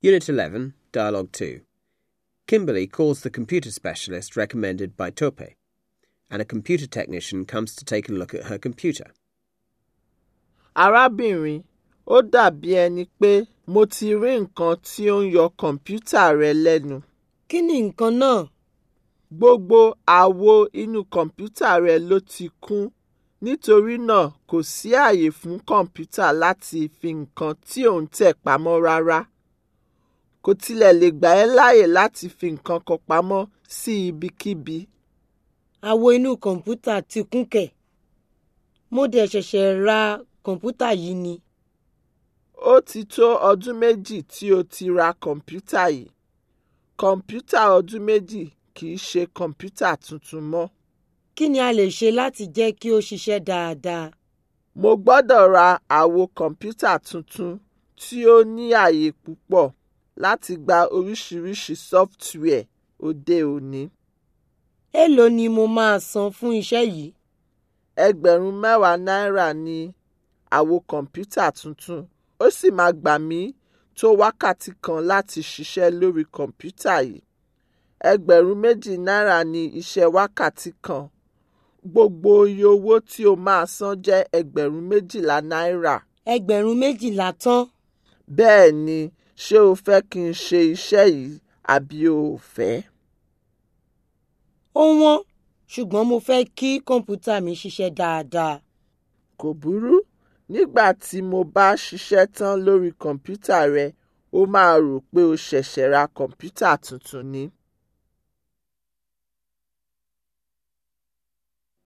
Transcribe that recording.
Unit 11, Dialogue 2. Kimberly calls the computer specialist recommended by Tope, and a computer technician comes to take a look at her computer. Arábìnrin, ó dàbí ẹni pé mo ti rí nǹkan tí ó ń yọ kọ̀ǹpútà rẹ lẹ́nu. Kí ni nǹkan náà? Gbogbo àwo inú kọ̀ǹpútà rẹ ló ti on yo computer re lenu Kini ni nnkan kò computer re àyè fún si fun lati fi nǹkan tí ò ń tẹ̀ pamọ́ rárá. kò tilẹ̀ lè gbà ẹ́ láàyè láti fi nǹkan kan pamọ́ sí ibikíbi. àwo inú kọ̀ǹpútà ti kún kẹ̀ mo dẹ̀ ṣẹ̀ṣẹ̀ ra kọ̀ǹpútà yìí ni. ó ti tó ọdún méjì tí o ti ra kọ̀ǹpútà yìí kọ̀ǹpútà ọdún méjì kì í ṣe kọ̀ǹpútà tuntun mọ́. kí ni a lè ṣe láti jẹ́ kí ó ṣiṣẹ́ dáadáa? mo gbọ́dọ̀ ra àwo kọ̀ǹpútà tuntun tí ó ní àyè púpọ̀ láti gba oríṣiríṣi sọ́ftíwẹ́ẹ̀ òde òní. èèló ni mo máa san fún iṣẹ́ yìí? ẹgbẹ̀rún mẹ́wàá náírà ni àwo kọ̀ǹpútà tuntun ó sì máa gbà mí tó wákàtí kan láti ṣiṣẹ́ lórí kọ̀ǹpútà yìí ẹgbẹ̀rún méjì náírà ni iṣẹ́ wákàtí kan gbogbo iye owó tí o máa san jẹ́ ẹgbẹ̀rún méjìlá náírà. ẹgbẹ̀rún méjìlá tán. bẹ́ẹ̀ ni ṣé o fẹ́ kí n ṣe iṣẹ́ yìí àbí o ò fẹ́? ó wọ́n ṣùgbọ́n mo fẹ́ kí kọ̀ǹpútà mi ṣiṣẹ́ dáadáa. kò burú nígbà tí mo bá ṣiṣẹ́ tán lórí kọ̀ǹpútà rẹ ó máa rò pé o ṣẹ̀ṣẹ̀ ra kọ̀ǹpútà tuntun ni.